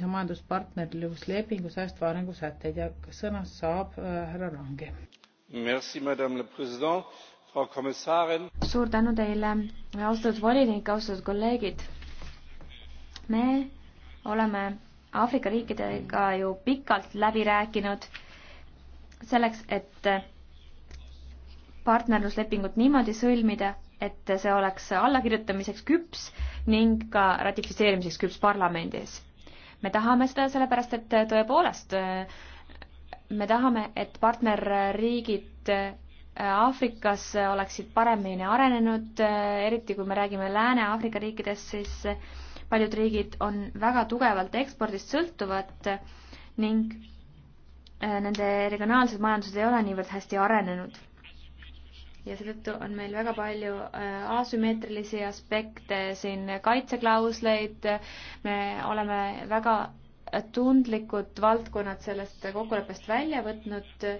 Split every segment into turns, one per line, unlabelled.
täitis oma majanduspartnerluslepingu säästva arengu sätteid ja sõna saab äh, härra Lange. suur tänu teile,
austatud volinik, austatud kolleegid. me oleme Aafrika riikidega ju pikalt läbi rääkinud selleks, et partnerluslepingut niimoodi sõlmida, et see oleks allakirjutamiseks küps ning ka ratifitseerimiseks küps parlamendis me tahame seda sellepärast, et tõepoolest me tahame, et partnerriigid Aafrikas oleksid paremini arenenud, eriti kui me räägime Lääne-Aafrika riikidest, siis paljud riigid on väga tugevalt ekspordist sõltuvad ning nende regionaalsed majandused ei ole niivõrd hästi arenenud ja seetõttu on meil väga palju äh, asümmeetrilisi aspekte siin, äh, kaitseklausleid, me oleme väga tundlikud valdkonnad sellest kokkuleppest välja võtnud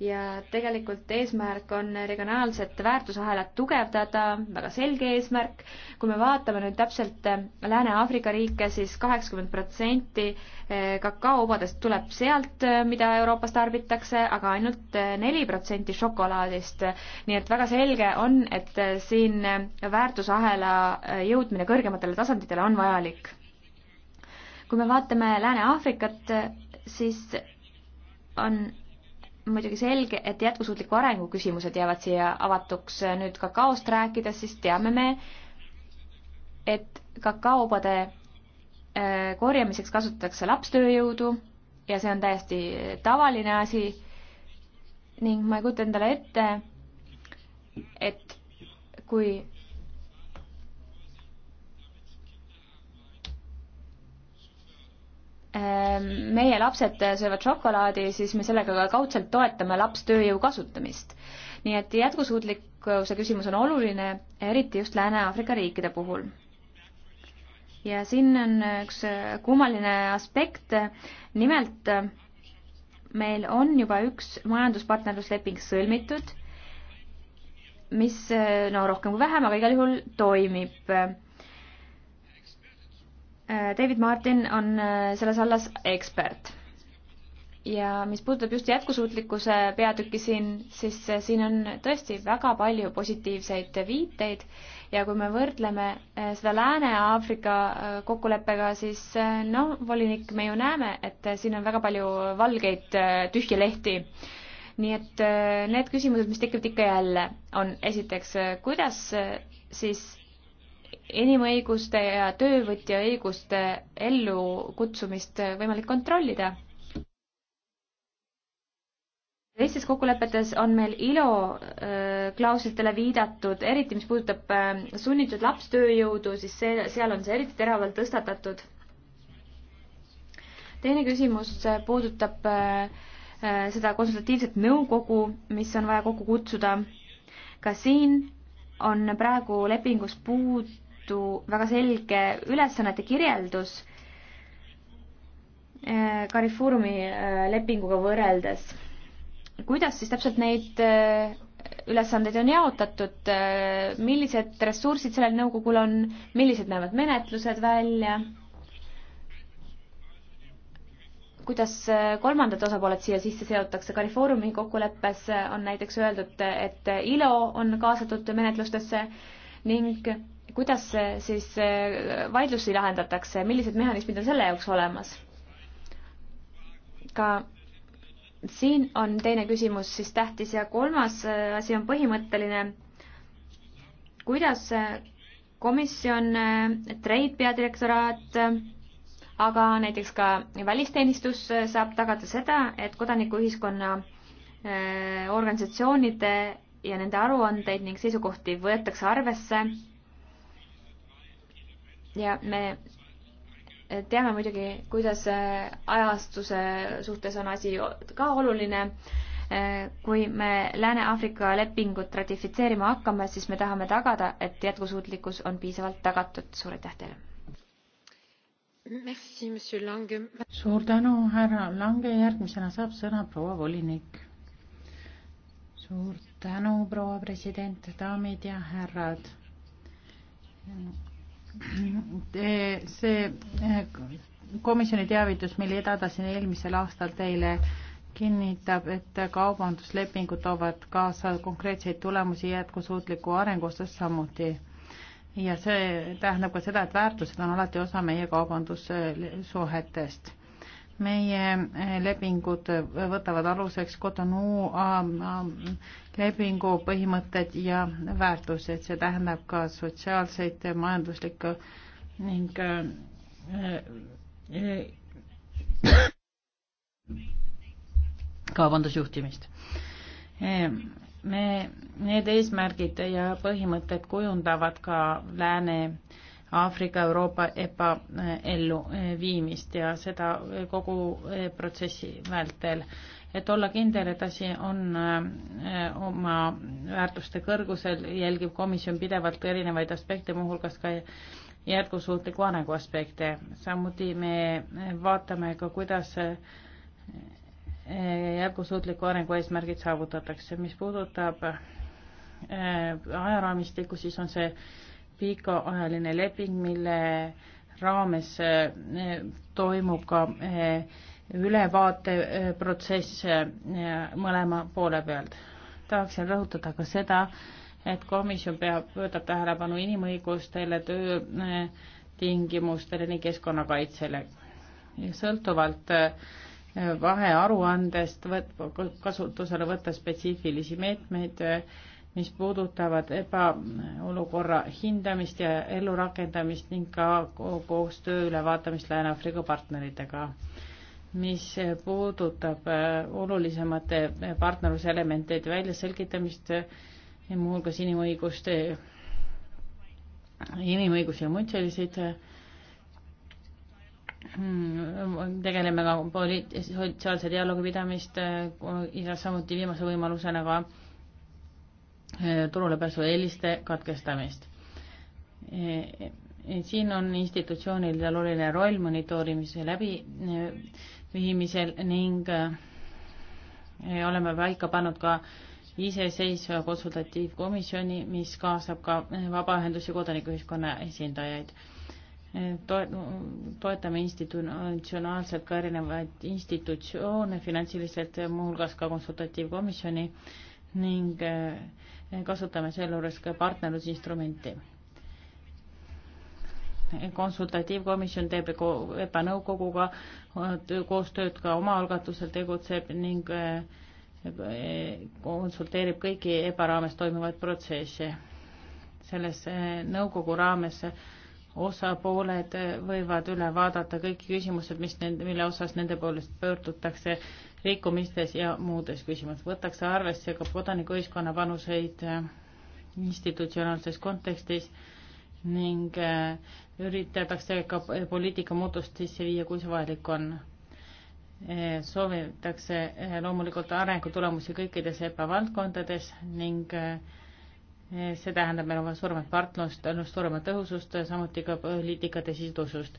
ja tegelikult eesmärk on regionaalset väärtusahelat tugevdada, väga selge eesmärk. kui me vaatame nüüd täpselt Lääne-Aafrika riike siis, siis kaheksakümmend protsenti eh, kakaovabadest tuleb sealt, eh, mida Euroopas tarbitakse, aga ainult eh, neli protsenti šokolaadist. nii et väga selge on, et siin väärtusahela jõudmine kõrgematele tasanditele on vajalik. kui me vaatame Lääne-Aafrikat, siis on muidugi selge, et jätkusuutliku arengu küsimused jäävad siia avatuks. nüüd kakaost rääkides, siis teame me, et kakaopade äh, korjamiseks kasutatakse lapstööjõudu ja see on täiesti tavaline asi ning ma ei kujuta endale ette, et kui Ehm, meie lapsed söövad šokolaadi, siis me sellega ka kaudselt toetame lapstööjõu kasutamist. nii et jätkusuutlikkuse küsimus on oluline, eriti just Lääne-Aafrika riikide puhul. ja siin on üks kummaline aspekt, nimelt meil on juba üks majanduspartnerlusleping sõlmitud, mis no rohkem kui vähem, aga igal juhul toimib Äh, David Martin on äh, selles allas ekspert. ja mis puudutab just jätkusuutlikkuse peatükki siin, siis äh, siin on tõesti väga palju positiivseid viiteid ja kui me võrdleme seda Lääne-Aafrika kokkuleppega, siis no volinik, me ju näeme, et siin on väga palju valgeid tühje lehti. nii et need küsimused, mis tekivad ikka jälle, on esiteks, kuidas siis inimõiguste ja töövõtja õiguste ellukutsumist võimalik kontrollida. teistes kokkulepetes on meil ILO äh, klauslitele viidatud, eriti mis puudutab äh, sunnitud lapstööjõudu, siis see, seal on see eriti teravalt tõstatatud. teine küsimus puudutab äh, seda konsultatiivset nõukogu, mis on vaja kokku kutsuda. ka siin on praegu lepingus puud Liidu väga selge ülesannete kirjeldus äh, Carrefourumi äh, lepinguga võrreldes. kuidas siis täpselt neid äh, ülesandeid on jaotatud, millised ressursid sellel nõukogul on, millised näevad menetlused välja? kuidas kolmandad osapooled siia sisse seotakse, Californiumi kokkuleppes on näiteks öeldud, et ILO on kaasatud menetlustesse ning kuidas siis vaidlusi lahendatakse, millised mehhanismid on selle jaoks olemas? ka siin on teine küsimus siis tähtis ja kolmas äh, asi on põhimõtteline. kuidas äh, komisjon, äh, Trade peadirektoraat, aga näiteks ka välisteenistus saab tagada seda, et kodanikuühiskonna organisatsioonide ja nende aruandeid ning seisukohti võetakse arvesse ja me eh, teame muidugi, kuidas eh, ajastuse suhtes on asi ka oluline. Eh, kui me Lääne-Aafrika lepingut ratifitseerima hakkame, siis me tahame tagada, et jätkusuutlikkus
on piisavalt tagatud. suur aitäh teile! suur tänu, härra Lange, järgmisena saab sõna proua volinik. suur tänu, proua president, daamid ja härrad see eh, komisjoni teavitus, mille edadasin eelmisel aastal teile, kinnitab, et kaubanduslepingud toovad kaasa konkreetseid tulemusi jätkusuutliku arengu osas samuti. ja see tähendab ka seda, et väärtused on alati osa meie kaubandussuhetest meie eh, lepingud eh, võtavad aluseks Cotonou lepingu põhimõtted ja väärtused, see tähendab ka sotsiaalseid, eh, majanduslikke ning kaubandusjuhtimist. me, need eesmärgid ja põhimõtted kujundavad ka Lääne Aafrika Euroopa EPA eh, elluviimist eh, ja seda eh, kogu protsessi vältel. et olla kindel, et asi on oma väärtuste kõrgusel, jälgib komisjon pidevalt erinevaid aspekte, muuhulgas ka jätkusuutliku arengu aspekte. samuti me vaatame ka, kuidas jätkusuutliku arengu eesmärgid saavutatakse. mis puudutab ajaraamistikku, siis on see pikaajaline leping, mille raames eh, toimub ka eh, ülevaateprotsess eh, mõlema poole pealt. tahaksin rõhutada ka seda, et komisjon peab, pöördab tähelepanu inimõigustele, töötingimustele ning keskkonnakaitsele. sõltuvalt vahearuandest võt-, kasutusele võtta spetsiifilisi meetmeid meet, mis puudutavad ebaolukorra hindamist ja ellurakendamist ning ka koostöö ülevaatamist Lääne-Aafrika partneritega. mis puudutab äh, olulisemate partnerluselementide väljaselgitamist, muuhulgas inimõiguste, inimõigusi ja muid selliseid hmm, tegeleme ka poliit-, sotsiaalse dialoogi pidamist äh, ja samuti viimase võimalusena ka Eh, turulepääsu eeliste katkestamist. Eh, eh, siin on institutsioonidel oluline roll monitoorimise läbiviimisel ning oleme paika pannud ka iseseisva konsultatiivkomisjoni, mis kaasab ka vabaühendusi, kodanikuühiskonna esindajaid. toetame institutsionaalselt ka erinevaid institutsioone finantsiliselt, muuhulgas ka konsultatiivkomisjoni ning äh, kasutame sealjuures ka partnerlusinstrumenti. konsultatiivkomisjon teeb EPA nõukoguga koostööd ka omaalgatusel tegutseb ning eh, konsulteerib kõiki EPA raames toimuvaid protsesse. selles eh, nõukogu raames osapooled võivad üle vaadata kõik küsimused, mis nende, mille osas nende poolest pöördutakse rikkumistes ja muudes küsimustes. võtakse arvesse ka kodanikuühiskonna panuseid äh, institutsionaalses kontekstis ning äh, üritatakse ka poliitika muutust sisse viia, kui see vajalik on. Äh, soovitakse loomulikult arengutulemusi kõikides EPA valdkondades ning äh, see tähendab, meil on vaja suuremat partnerlust, suuremat tõhusust, samuti ka poliitikate sidusust,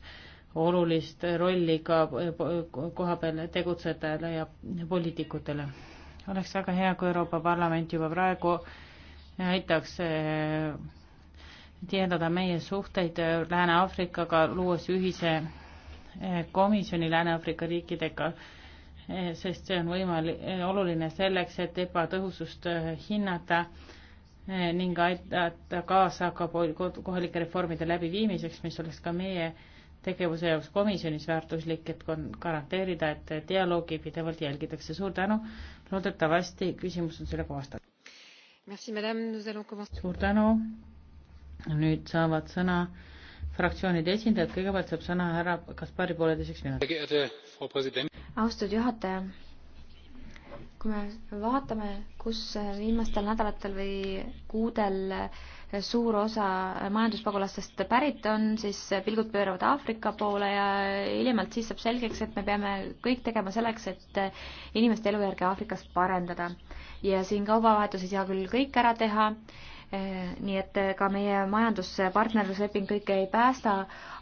olulist rolli ka kohapeal tegutsejatele ja poliitikutele. oleks väga hea, kui Euroopa Parlament juba praegu aitaks eh, tihendada meie suhteid Lääne-Aafrikaga, luues ühise eh, komisjoni Lääne-Aafrika riikidega, eh, sest see on võimalik, oluline selleks, et ebatõhusust hinnata Eh, ning aidata kaasa ka kohalike reformide läbiviimiseks, mis oleks ka meie tegevuse jaoks komisjonis väärtuslik, et garanteerida, et dialoogi pidevalt jälgitakse. suur tänu, loodetavasti küsimus on sellega vastatud. suur tänu, nüüd saavad sõna fraktsioonide esindajad, kõigepealt saab sõna härra Kaspari pooleteiseks minutiks.
austatud juhataja kui me vaatame, kus viimastel nädalatel või kuudel suur osa majanduspagulastest pärit on, siis pilgud pööravad Aafrika poole ja hiljemalt siis saab selgeks, et me peame kõik tegema selleks, et inimeste elujärge Aafrikas parendada. ja siin kaubavahetus ei saa küll kõik ära teha Eh, nii et eh, ka meie majanduspartnerlusleping kõike ei päästa,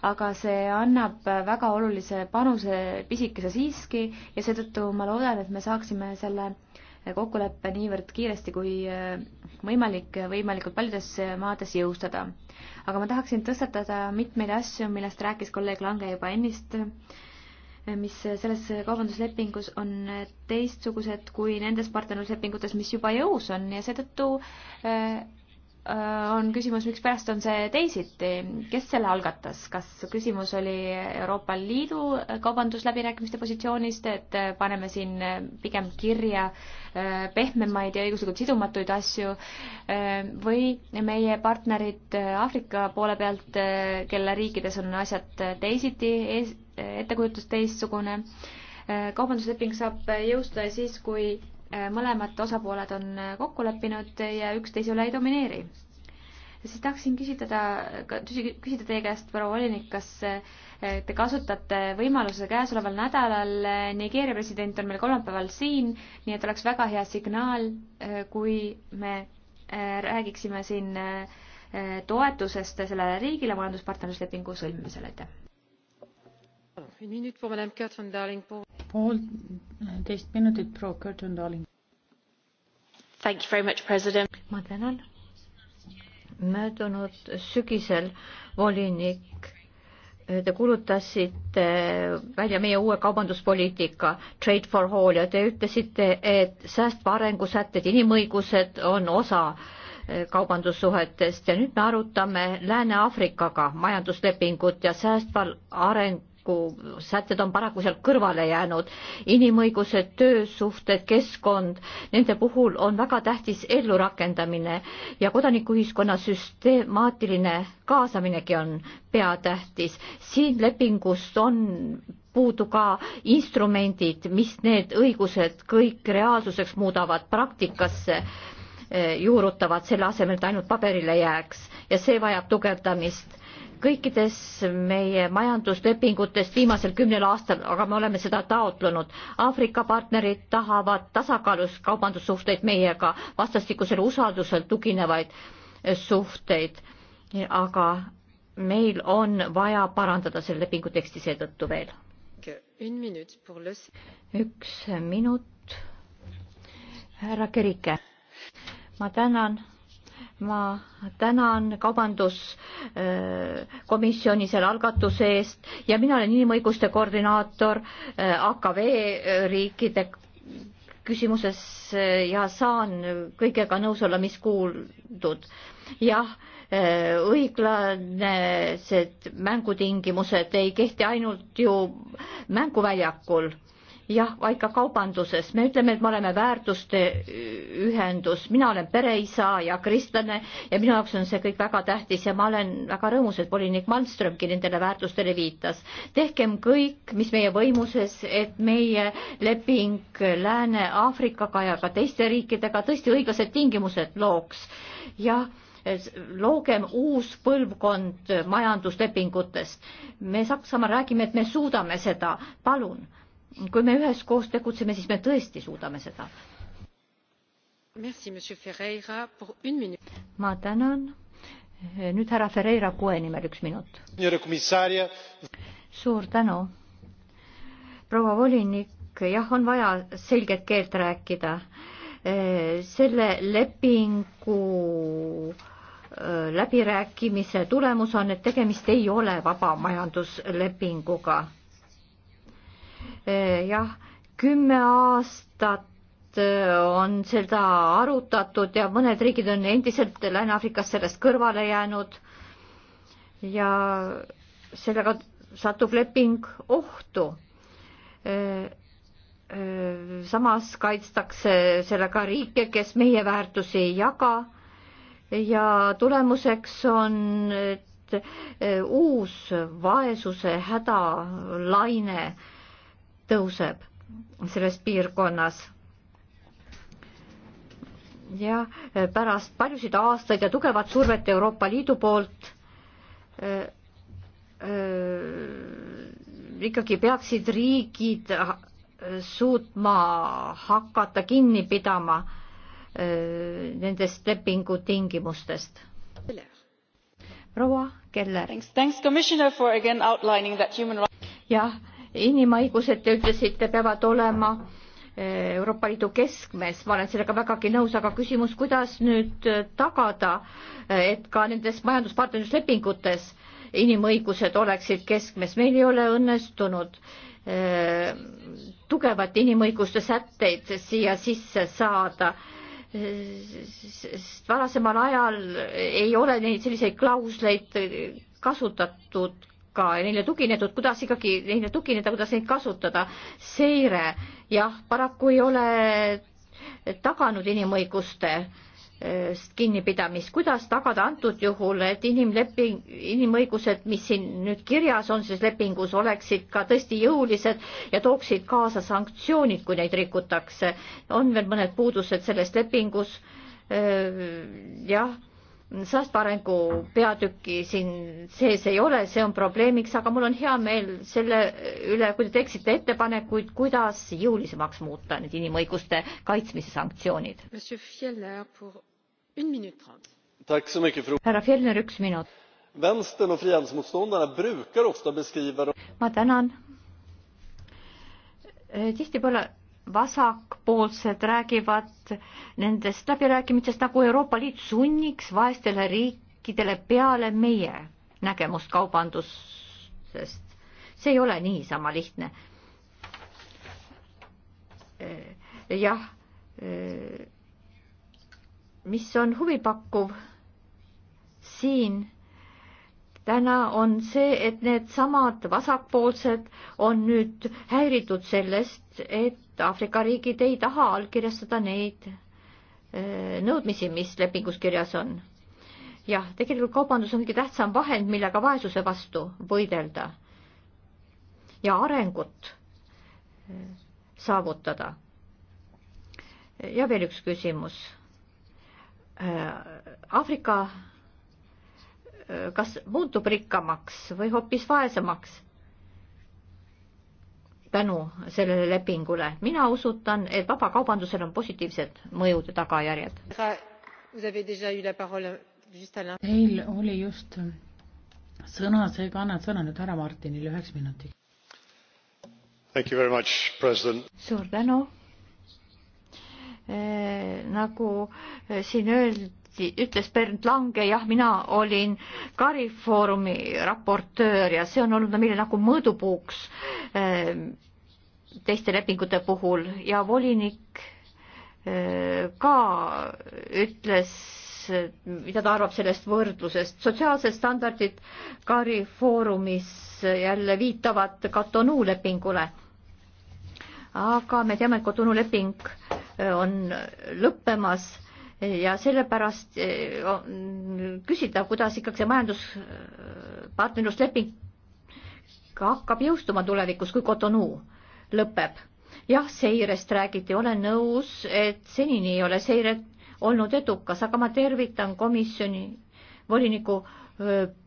aga see annab eh, väga olulise panuse pisikese siiski ja seetõttu ma loodan, et me saaksime selle kokkuleppe niivõrd kiiresti kui võimalik võimalikult paljudes maades jõustada. aga ma tahaksin tõstatada mitmeid asju, millest rääkis kolleeg Lange juba ennist mis selles kaubanduslepingus on teistsugused kui nendes partnerluslepingutes, mis juba jõus on ja seetõttu Äh, on küsimus, mikspärast on see teisiti, kes selle algatas, kas küsimus oli Euroopa Liidu kaubandusläbirääkimiste positsioonist, et äh, paneme siin äh, pigem kirja pehmemaid ja õiguslikult sidumatuid asju või meie partnerid Aafrika poole pealt, kelle riikides on asjad teisiti, ettekujutus teistsugune, kaubandusleping saab jõustuda siis, kui mõlemad osapooled on kokku leppinud ja üksteise üle ei domineeri. siis tahaksin küsida, küsida teie käest, proua volinik, kas eh, te kasutate võimaluse käesoleval nädalal, eh, Nigeeria president on meil kolmapäeval siin, nii et oleks väga hea signaal, eh, kui me räägiksime siin toetusest sellele riigile majanduspartnerluslepingu sõlmimisel, aitäh!
poolteist minutit proua Curtin Darling.
ma tänan. möödunud sügisel volinik äh, Te kuulutasite välja meie uue kaubanduspoliitika Trade for All ja te ütlesite, et säästva arengu sätted, inimõigused on osa äh, kaubandussuhetest ja nüüd me arutame Lääne-Aafrikaga majanduslepingut ja säästval areng sätted on paraku sealt kõrvale jäänud. inimõigused, töösuhted, keskkond, nende puhul on väga tähtis ellurakendamine ja kodanikuühiskonna süstemaatiline kaasaminegi on peatähtis. siin lepingust on puudu ka instrumendid, mis need õigused kõik reaalsuseks muudavad, praktikasse eh, juurutavad, selle asemel, et ainult paberile jääks ja see vajab tugevdamist kõikides meie majanduslepingutest viimasel kümnel aastal, aga me oleme seda taotlenud. Aafrika partnerid tahavad tasakaalus kaubandussuhteid meiega, vastastikusel usaldusel tuginevaid suhteid, aga meil on vaja parandada selle lepingu teksti seetõttu veel. üks minut. härra Kerike, ma tänan ma tänan Kaubanduskomisjoni selle algatuse eest ja mina olen inimõiguste koordinaator äh, AKV riikide küsimuses äh, ja saan kõigega nõus olla, mis kuuldud. jah, äh, õiglased mängutingimused ei kehti ainult ju mänguväljakul jah, vaid ka kaubanduses. me ütleme, et me oleme väärtuste ühendus, mina olen pereisa ja kristlane ja minu jaoks on see kõik väga tähtis ja ma olen väga rõõmus, et volinik Malmströmgi nendele väärtustele viitas. tehkem kõik, mis meie võimuses, et meie leping Lääne-Aafrikaga ja ka teiste riikidega tõesti õiglased tingimused looks. jah loogem uus põlvkond majanduslepingutest. me Saksamaal räägime, et me suudame seda, palun kui me üheskoos tegutseme, siis me tõesti suudame seda. ma tänan. nüüd härra Ferreira Kue nimel üks minut. suur tänu. proua volinik, jah, on vaja selget keelt rääkida. selle lepingu läbirääkimise tulemus on, et tegemist ei ole vaba majanduslepinguga jah, kümme aastat äh, on seda arutatud ja mõned riigid on endiselt Lääne-Aafrikas sellest kõrvale jäänud ja sellega satub leping ohtu. Äh, äh, samas kaitstakse sellega riike, kes meie väärtusi ei jaga ja tulemuseks on, et uus vaesuse hädalaine tõuseb selles piirkonnas. ja eh, pärast paljusid aastaid ja tugevat survet Euroopa Liidu poolt äh, äh, ikkagi peaksid riigid suutma hakata kinni pidama öö, nendest lepingu tingimustest. proua Keller. jah, inimõigused, te ütlesite, peavad olema eh, Euroopa Liidu keskmes, ma olen sellega vägagi nõus, aga küsimus, kuidas nüüd eh, tagada, eh, et ka nendes majanduspartnerluslepingutes inimõigused oleksid keskmes, meil ei ole õnnestunud tugevat inimõiguste sätteid siia sisse saada, sest varasemal ajal ei ole neid selliseid klausleid kasutatud märka ja neile tuginetud, kuidas ikkagi neile tugineda, kuidas neid kasutada. seire, jah, paraku ei ole taganud inimõiguste e, kinnipidamist, kuidas tagada antud juhul, et inimleping, inimõigused, mis siin nüüd kirjas on selles lepingus, oleksid ka tõesti jõulised ja tooksid kaasa sanktsioonid, kui neid rikutakse. on veel mõned puudused selles lepingus. E, jah säästva arengu peatükki siin sees ei ole, see on probleemiks, aga mul on hea meel selle üle, kui te teeksite ettepanekuid, kuidas jõulisemaks muuta need inimõiguste kaitsmise sanktsioonid. härra Fjellner, üks minut. ma tänan. Eh, tihtipeale vasakpoolsed räägivad nendest läbirääkimistest, nagu Euroopa Liit sunniks vaestele riikidele peale meie nägemust kaubandusest. see ei ole niisama lihtne. Eh, jah, eh, mis on huvipakkuv siin täna on see, et needsamad vasakpoolsed on nüüd häiritud sellest, et Aafrika riigid ei taha allkirjastada neid eh, nõudmisi, mis lepingus kirjas on. jah, tegelikult kaubandus on kõige tähtsam vahend, millega vaesuse vastu võidelda ja arengut eh, saavutada. ja veel üks küsimus. Eh, Aafrika kas muutub rikkamaks või hoopis vaesemaks? tänu sellele lepingule. mina usutan, et vabakaubandusel on positiivsed mõjud ja tagajärjed.
Teil oli just sõna, seega annan sõna nüüd härra Martinile üheks minutiks. suur tänu eh, nagu
siin öeldi, õigesti ütles Bernd Lange, jah, mina olin Karifoorumi raportöör ja see on olnud meile nagu mõõdupuuks ehm, teiste lepingute puhul ja volinik ehm, ka ütles, mida ta arvab sellest võrdlusest. sotsiaalsed standardid Karifoorumis jälle viitavad Cotonou lepingule. aga me teame, et Cotonou leping ehm, on lõppemas ja sellepärast eh, küsida, kuidas ikkagi see majanduspartnerlusleping hakkab jõustuma tulevikus, kui Cotonou lõpeb. jah, seirest räägiti, olen nõus, et senini ei ole seiret olnud edukas, aga ma tervitan komisjoni voliniku eh,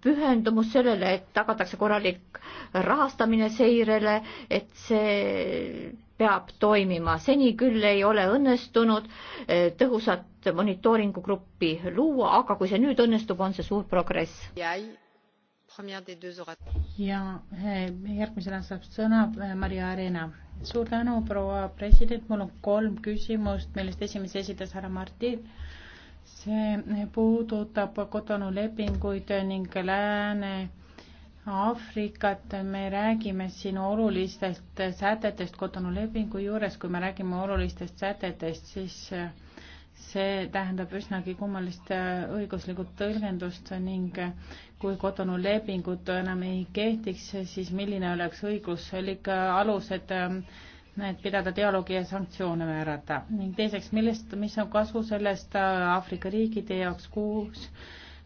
pühendumus sellele, et tagatakse korralik rahastamine seirele, et see peab toimima. seni küll ei ole õnnestunud eh, tõhusat monitooringugruppi luua, aga kui see nüüd õnnestub, on see suur progress.
ja eh, järgmisena saab sõna eh, Maria Arena. suur tänu, proua president, mul on kolm küsimust, millest esimese esitas härra Martin see puudutab kodanu lepinguid ning Lääne Aafrikat, me räägime siin olulistest sätetest Kotonu lepingu juures, kui me räägime olulistest sätetest, siis eh, see tähendab üsnagi kummalist eh, õiguslikku tõlgendust ning eh, kui Kotonu lepingut enam ei kehtiks, siis milline oleks õiguslik alus, et et pidada dialoogi ja sanktsioone määrata ning teiseks, millest, mis on kasu sellest Aafrika riikide jaoks, kus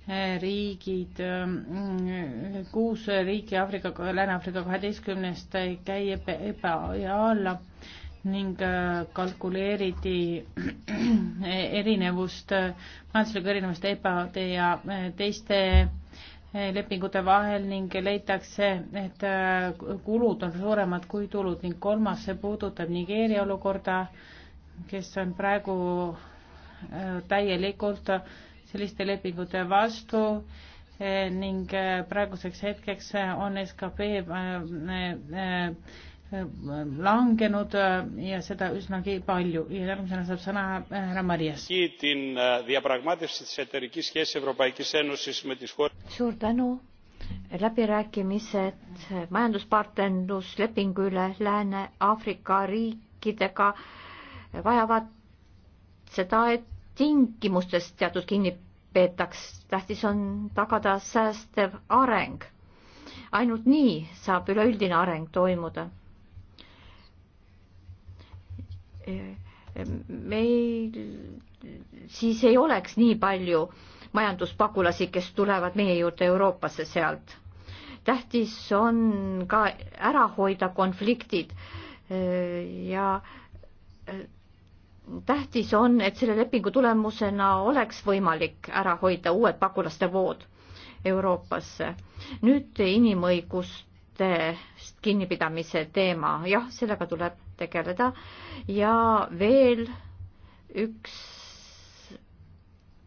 riigid, mm, kuus riiki Aafrika, Lääne-Aafrika kaheteistkümnest käib eba ja alla ning äh, kalkuleeriti erinevust, majanduslikku erinevust EBA-de ja äh, teiste äh, lepingute vahel ning leitakse, et kulud on suuremad kui tulud ning kolmas, see puudutab Nigeeria olukorda, kes on praegu täielikult selliste lepingute vastu eh, ning eh, praeguseks hetkeks eh, on skp langenud ja seda üsnagi palju ja järgmisena saab sõna härra Marias. suur tänu,
läbirääkimised majanduspartnerluslepingu üle Lääne-Aafrika riikidega vajavad seda, et tingimustest teatud kinni peetaks, tähtis on tagada säästev areng. ainult nii saab üleüldine areng toimuda. E, meil siis ei oleks nii palju majanduspagulasi, kes tulevad meie juurde Euroopasse sealt. tähtis on ka ära hoida konfliktid e, ja e, tähtis on, et selle lepingu tulemusena oleks võimalik ära hoida uued pagulaste vood Euroopasse. nüüd inimõigustest kinnipidamise teema, jah, sellega tuleb tegeleda ja veel üks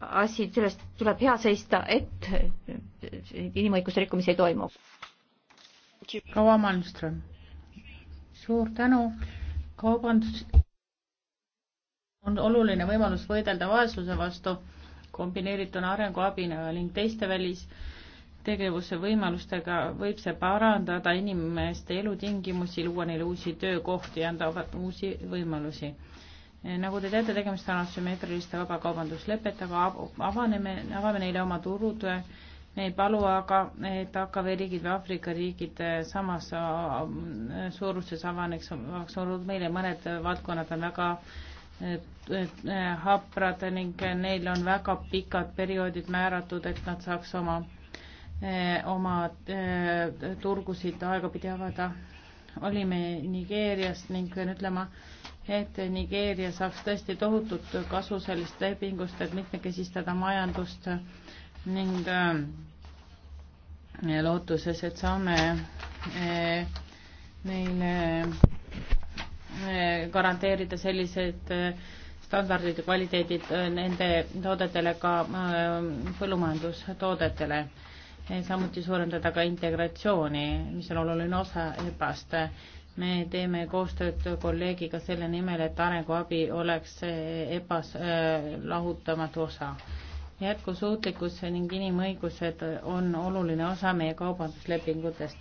asi, sellest tuleb hea seista, et inimõiguste
rikkumisi ei toimu. proua Malmström, suur tänu kaubandus on oluline võimalus võidelda vaesuse vastu kombineerituna arenguabina ning teiste välistegevuse võimalustega võib see parandada inimeste elutingimusi, luua neile uusi töökohti ja anda uusi võimalusi. nagu te teate, tegemist on asümmeetriliste vabakaubanduslepetega, avaneme, avame neile oma turud, me ei palu aga, et AKV riigid või Aafrika riigid samas äh, suuruses avaneks, oleks olnud meile mõned valdkonnad on väga äh, Äh, haprad ning neil on väga pikad perioodid määratud, et nad saaks oma, äh, oma äh, turgusid aegapidi avada. olime Nigeerias ning pean ütlema, et Nigeeria saaks tõesti tohutut kasu sellest lepingust, et mitmekesistada majandust ning lootuses, et saame neile Eh, garanteerida sellised eh, standardid ja kvaliteedid eh, nende toodetele ka põllumajandustoodetele. samuti suurendada ka integratsiooni, mis on oluline osa EPA-st. me teeme koostööd kolleegiga selle nimel, et arenguabi oleks EPA-s lahutamatu osa jätkusuutlikkus ning inimõigused on oluline osa meie kaubanduslepingutest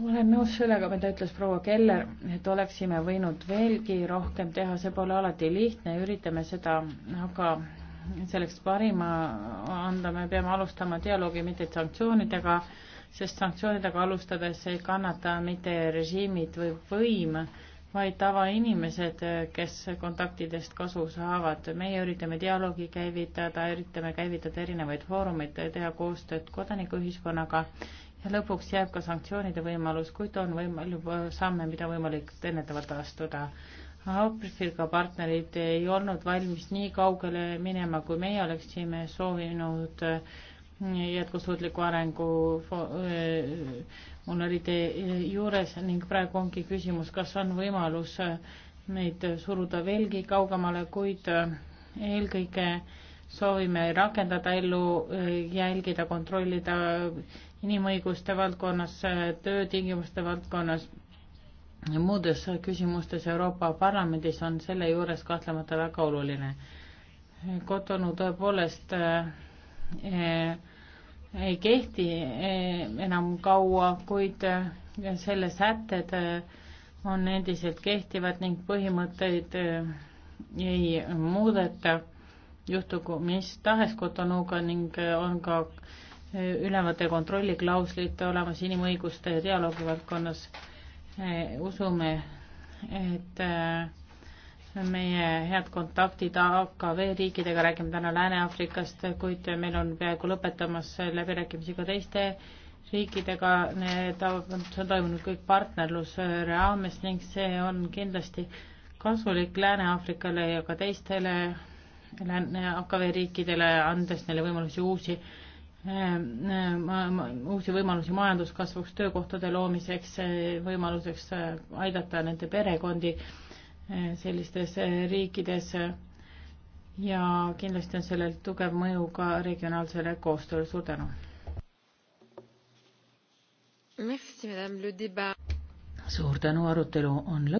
olen nõus sellega, mida ütles proua Keller, et oleksime võinud veelgi rohkem teha, see pole alati lihtne, üritame seda, aga selleks parima anda, me peame alustama dialoogi mitte sanktsioonidega, sest sanktsioonidega alustades ei kannata mitte režiimid või võim, vaid tavainimesed, kes kontaktidest kasu saavad. meie üritame dialoogi käivitada, üritame käivitada erinevaid foorumeid, teha koostööd kodanikuühiskonnaga ja lõpuks jääb ka sanktsioonide võimalus, kuid on võimalik samme, mida võimalik ennetavalt astuda. Aafrika partnerid ei olnud valmis nii kaugele minema, kui meie oleksime soovinud jätkusuutliku arengu äh, monorite äh, juures ning praegu ongi küsimus, kas on võimalus äh, neid suruda veelgi kaugemale, kuid eelkõige soovime rakendada ellu, jälgida, kontrollida inimõiguste valdkonnas, töötingimuste valdkonnas ja muudes küsimustes Euroopa Parlamendis on selle juures kahtlemata väga oluline. Kotonu tõepoolest äh, ei kehti eh, enam kaua, kuid eh, selle sätted on endiselt kehtivad ning põhimõtteid ei muudeta juhtugu mis tahes Cotonouga ning äh, on ka äh, ülemate kontrolliklauslid olemas inimõiguste ja dialoogi valdkonnas. Äh, usume, et meie head kontaktid AKV riikidega, räägime täna Lääne-Aafrikast, kuid meil on peaaegu lõpetamas läbirääkimisi ka teiste riikidega, need on toimunud kõik partnerluse raames ning see on kindlasti kasulik Lääne-Aafrikale ja ka teistele lääne AKV riikidele, andes neile võimalusi uusi ähm, uusi võimalusi majanduskasvuks, töökohtade loomiseks, äh, võimaluseks äh, aidata nende perekondi äh, sellistes riikides ja kindlasti on sellel tugev mõju ka regionaalsele koostööle, suur tänu. suur tänu, arutelu on lõppenud.